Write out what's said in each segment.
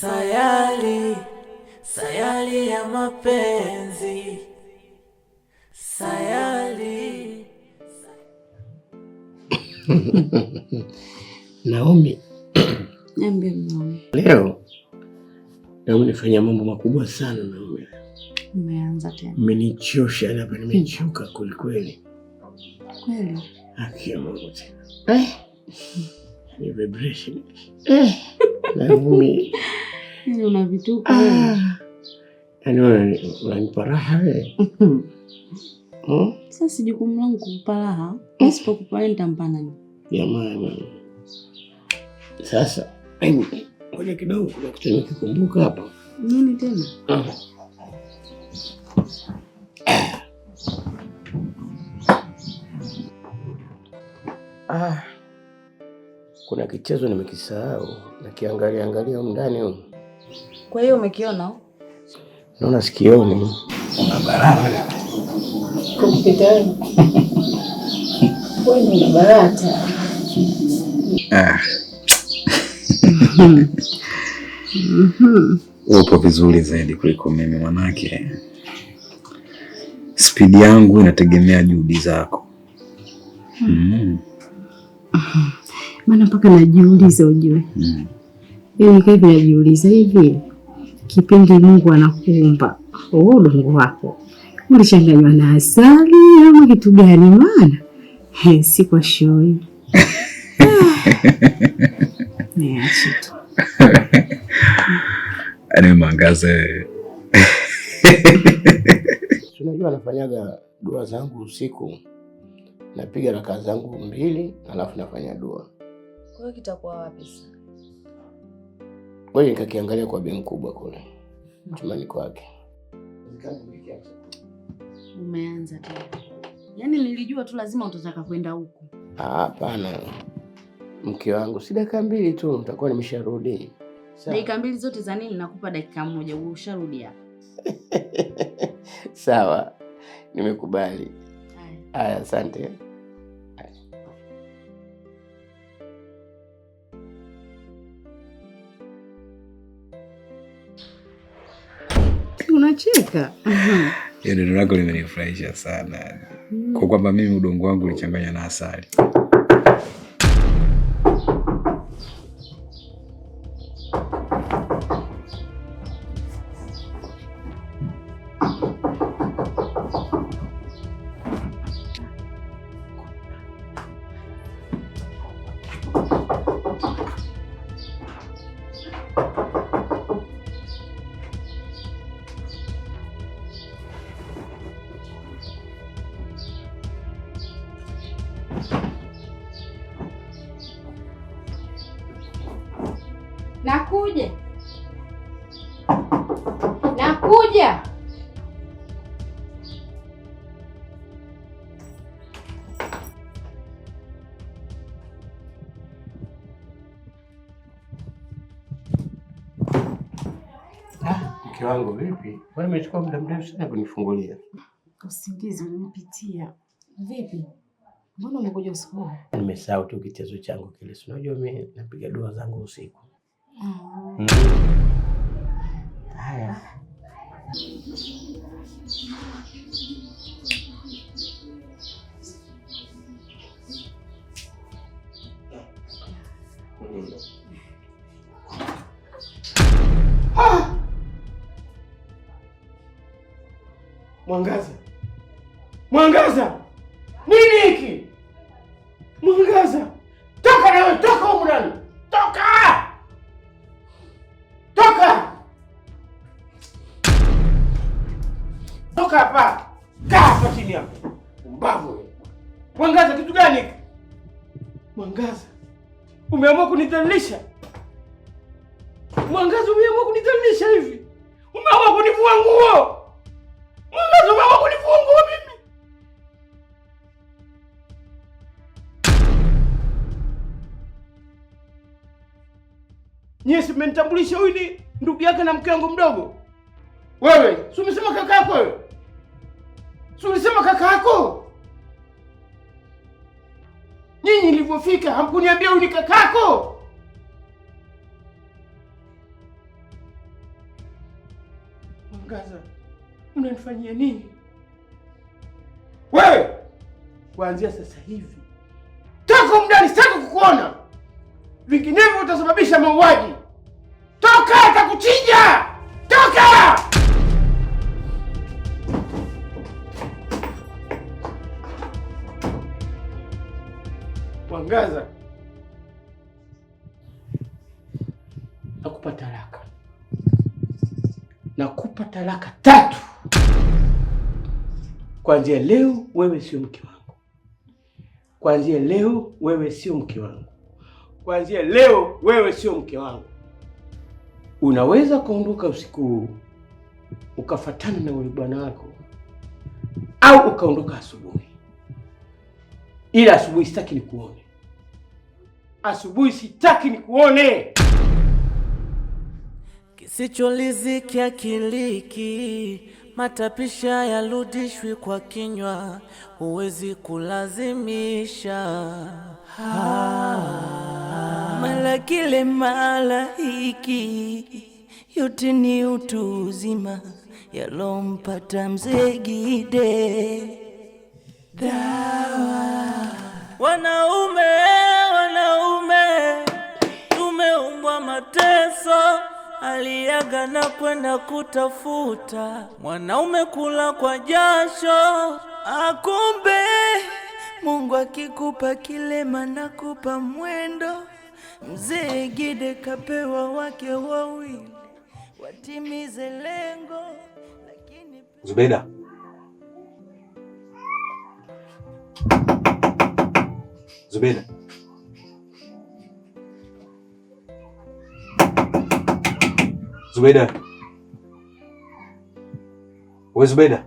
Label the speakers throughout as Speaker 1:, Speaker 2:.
Speaker 1: Sayali, sayali ya mapenzi, Sayali. Naomi,
Speaker 2: niambie Naomi.
Speaker 1: Leo Naomi, nifanya mambo makubwa sana
Speaker 2: Naomi. Umeanza tena.
Speaker 1: Umenichosha hapa, nimechoka kweli kweli. Kweli. Haki ya Mungu tena. Eh. Ni vibration. Eh. Naomi.
Speaker 2: Yaani una vituko ah.
Speaker 1: yaani wewe. Yaani unanipa raha wewe.
Speaker 2: Hmm? Sasa si jukumu langu kukupa raha. Hmm? Nisipokupa wewe nitampa nani?
Speaker 1: Jamani. Sasa ngoja kidogo kuna kitu nikikumbuka hapa.
Speaker 2: Nini tena? Ah.
Speaker 1: ah. Kuna kichezo nimekisahau, nakiangalia angalia huko ndani huko.
Speaker 2: Kwa hiyo umekiona?
Speaker 1: Naona sikioni. Una baraka. Ah. Upo vizuri zaidi kuliko mimi, mwanake spidi yangu inategemea juhudi zako. Mm.
Speaker 2: Maana mpaka najiuliza ujue. Mm. Hivi yaani najiuliza hivi Kipindi Mungu anakuumba wewe, oh, udongo wako ulichanganywa na asali ama kitu gani? Maana si kwa shoyi
Speaker 1: yaani mangaze. Unajua, anafanyaga dua zangu usiku, napiga rakaa zangu mbili, alafu nafanya dua.
Speaker 2: Kwa hiyo kitakuwa wapi sasa?
Speaker 1: Ngoja nikakiangalia kwa bei mkubwa kule chumani kwake.
Speaker 2: Umeanza tena. Yaani nilijua tu lazima utataka kwenda huko.
Speaker 1: Hapana, mke wangu, si dakika mbili tu nitakuwa nimesharudi.
Speaker 2: Dakika mbili zote za nini? Nakupa dakika moja, usharudi hapa.
Speaker 1: Sawa, nimekubali. Haya, asante.
Speaker 2: Unacheka.
Speaker 1: Hiyo neno lako limenifurahisha sana, kwa kwamba mimi udongo wangu ulichanganywa na asali. Mke wangu vipi? Mbona umechukua muda mrefu sana kunifungulia?
Speaker 2: Usingizi ulinipitia. Vipi? Mbona umekuja usiku
Speaker 1: Nimesahau tu kichezo changu kile. Si unajua mimi napiga dua zangu usiku. Mm. Mm. Haya. Mwangaza, Mwangaza, nini hiki? Mwangaza, toka wewe, toka huko ndani, toka, toka, toka hapa, kaa hapa chini hapo, mbavu. Mwangaza, kitu gani hiki? Mwangaza, umeamua kunidhalilisha. Mwangaza, umeamua kunidhalilisha hivi, umeamua kunivua nguo Mnazobaba Nyie si mmenitambulisha huyu ni ndugu yake na mke wangu mdogo? Wewe si umesema kaka yako wewe? Si ulisema kaka yako? Nyinyi nilivyofika hamkuniambia huyu ni kakako.
Speaker 2: Mwangaza unanifanyia nini?
Speaker 1: Wewe kuanzia sasa hivi toka mdani, sitaki kukuona, vinginevyo utasababisha mauaji. Toka atakuchinja. toka Mwangaza nakupa talaka, nakupa talaka tatu. Kuanzia leo wewe sio mke wangu. Kuanzia leo wewe sio mke wangu. Kuanzia leo wewe sio mke wangu. Unaweza kuondoka usiku huu ukafatana na yule bwana wako, au ukaondoka asubuhi, ila asubuhi sitaki nikuone. Asubuhi sitaki nikuone. Kisicholiziki akiliki Matapisha yarudishwi kwa kinywa, huwezi kulazimisha mala kile mala hiki, yote ni utu uzima yalompata Mzee vijana kwenda kutafuta mwanaume kula kwa jasho, akumbe Mungu akikupa kilema na kupa mwendo. Mzee Gide kapewa wake wawili watimize lengo, lakini Zubeda Zubeda zubeda, Oi, zubeda,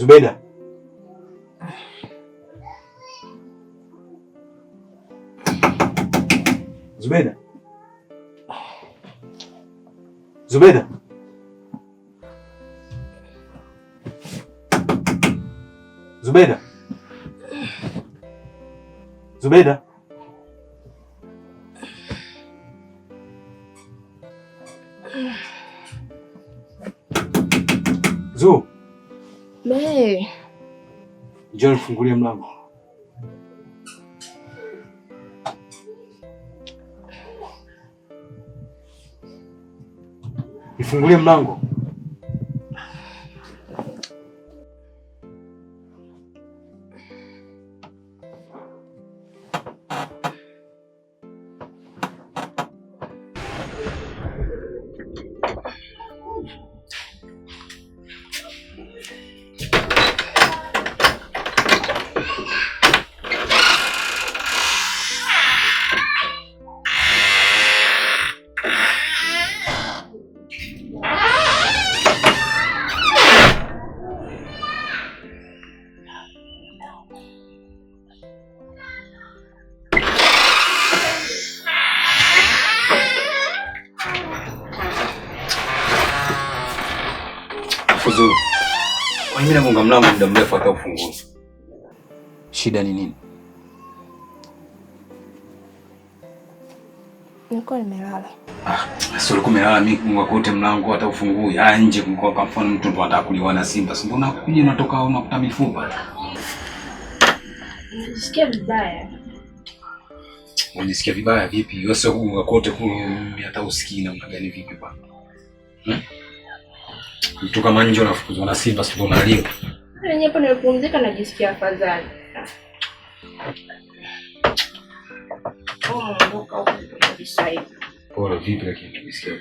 Speaker 1: zubeda, zubeda, zubeda, zubeda Zubeida. 수 네. 이절 궁금해 말이 궁금해 말고. tu. Kwa nini nagonga mlango muda mrefu hata ufunguzi? Shida ni nini?
Speaker 2: Niko nimelala.
Speaker 1: Ah, sio uko nimelala mimi kufunga kote mlango hata ufungui. Ah, nje kwa kwa mfano mtu ndo anataka kuliwa na simba. Sio mbona kuja unatoka au unakuta mifupa?
Speaker 2: Nisikia vibaya.
Speaker 1: Unisikia vibaya vipi? Wewe sio kufunga kote kule hata usikii namna gani vipi bwana? Hmm? mtu kama nje unafukuzwa na simba sio malipo.
Speaker 2: Mimi hapo nimepumzika najisikia afadhali. Oh,
Speaker 1: Pole vipi lakini najisikia.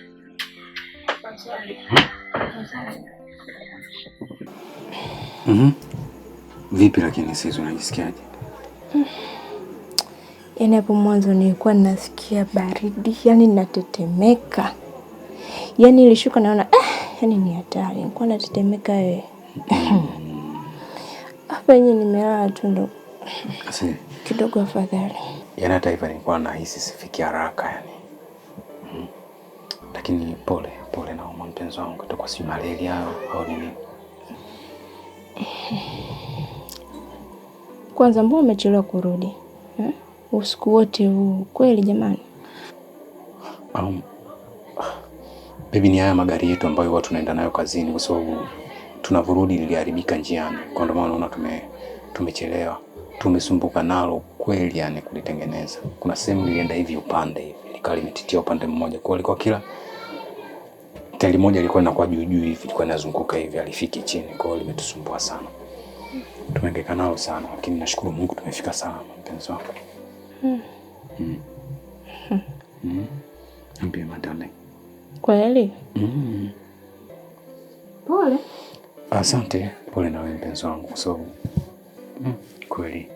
Speaker 1: Mhm. Vipi lakini sisi unajisikiaje?
Speaker 2: Yaani hapo mwanzo nilikuwa nasikia baridi, yani natetemeka. Yaani, yaani ilishuka naona eh Yani ni hatari, nilikuwa natetemeka wewe. Hapa yenye nimelala tu ndo kidogo afadhali.
Speaker 1: Yani hata hivyo nilikuwa nahisi sifiki haraka yani. Mm. Lakini pole pole, nauma mpenzi wangu, itakuwa si malaria au nini?
Speaker 2: Kwanza mbona umechelewa kurudi eh? Usiku wote huu kweli jamani. Um,
Speaker 1: Baby, ni haya magari yetu ambayo watu tunaenda nayo kazini, kwa sababu tunavurudi liliharibika njiani, kwa ndio maana tume tumechelewa, tumesumbuka nalo kweli, yani kulitengeneza. Kuna sehemu lilienda hivi upande hivi, likawa limetitia upande mmoja, kwa hiyo kila tairi moja ilikuwa inakuwa juu juu hivi, ilikuwa inazunguka hivi, alifiki chini, kwa hiyo limetusumbua sana, tumehangaika nalo sana, lakini nashukuru Mungu tumefika salama, mpenzi wangu. Mm. Mm. Mm. Ambia madale.
Speaker 2: Kweli? Mm. Pole.
Speaker 1: Asante. Pole na wewe mpenzi wangu kwa sababu mm, kweli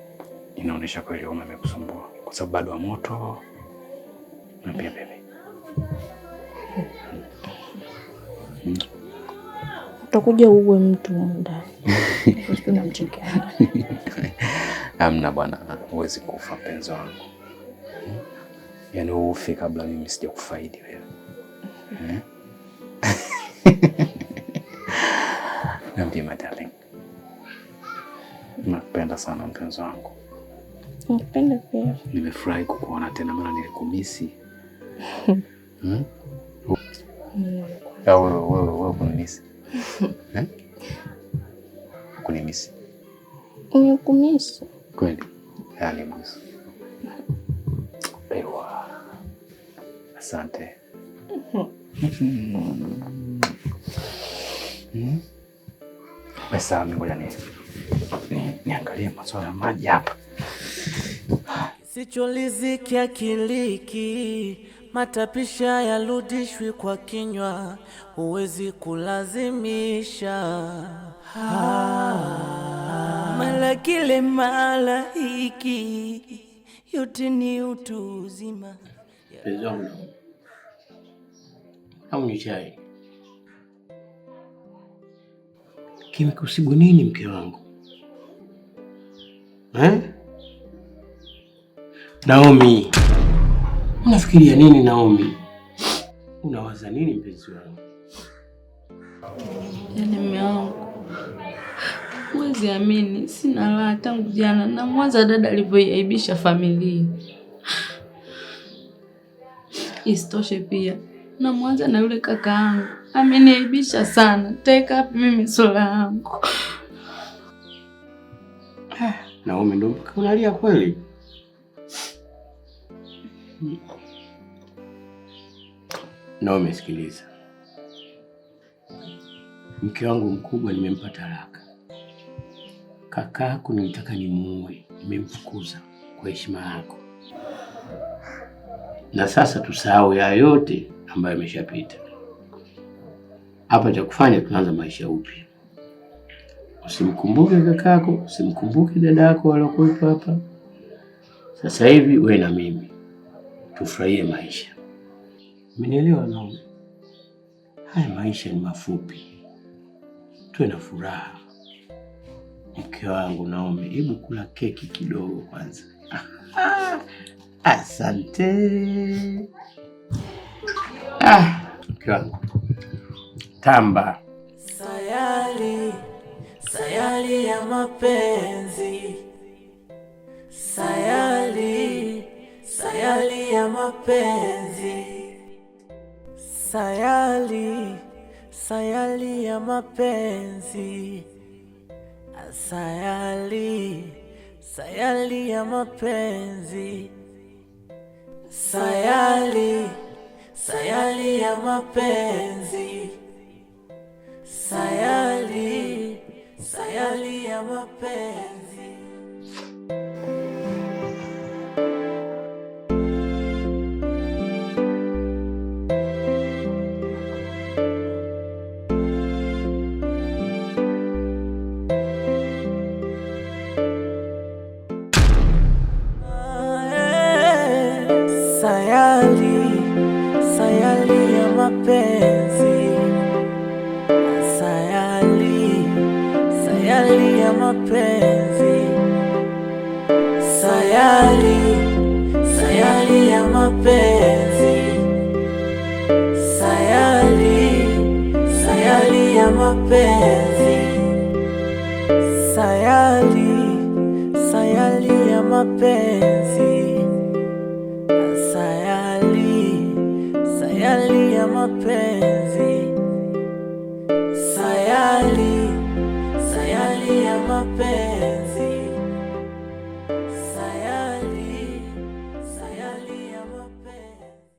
Speaker 1: inaonyesha kweli uma imekusumbua kwa sababu bado wa moto na pia bebe
Speaker 2: mm. Utakuja uwe mtu muda unamchekea.
Speaker 1: Amna bwana, huwezi kufa mpenzi wangu, mm. yaani ufe kabla mimi sija kufaidi wewe. my darling, nakupenda sana mpenzi wangu.
Speaker 2: Nakupenda pia.
Speaker 1: Nimefurahi kukuona tena, maana nilikumisi. Hmm? Wewe kunimisi masuala maji hapa. kiliki matapisha yarudishwi kwa kinywa, huwezi kulazimisha mala kile mala hiki, yote ni utu uzima kimekusibu nini mke wangu? eh? Naomi, unafikiria nini Naomi? Unawaza nini mpenzi wangu?
Speaker 2: Yaani mume wangu, huwezi amini, sina raha tangu jana na mwanza dada alivyoiaibisha familia. Isitoshe pia na mwanza na yule kaka yangu ameniaibisha sana. Taeka mimi sura yangu?
Speaker 1: Naomi ndo unalia kweli? Naomi, sikiliza, mke wangu mkubwa nimempata haraka. Kakako nilitaka nimuue, nimemfukuza kwa heshima yako, na sasa tusahau ya yote ambayo yameshapita. Hapa cha kufanya tunaanza maisha upya usimkumbuke kakako, usimkumbuke dada yako waliokuwepo hapa sasa hivi. We na mimi tufurahie maisha, umenielewa? Na haya maisha ni mafupi, tuwe na furaha. Mke wangu Naomi, hebu kula keki kidogo kwanza. asante. Ah, mke wangu tamba sayari sayali ya mapenzi, sayali sayali ya mapenzi, sayali sayali ya mapenzi, sayali sayali ya mapenzi, sayali sayali ya mapenzi, sayari sayari ya mapenzi mapenzi, sayali sayari ya mapenzi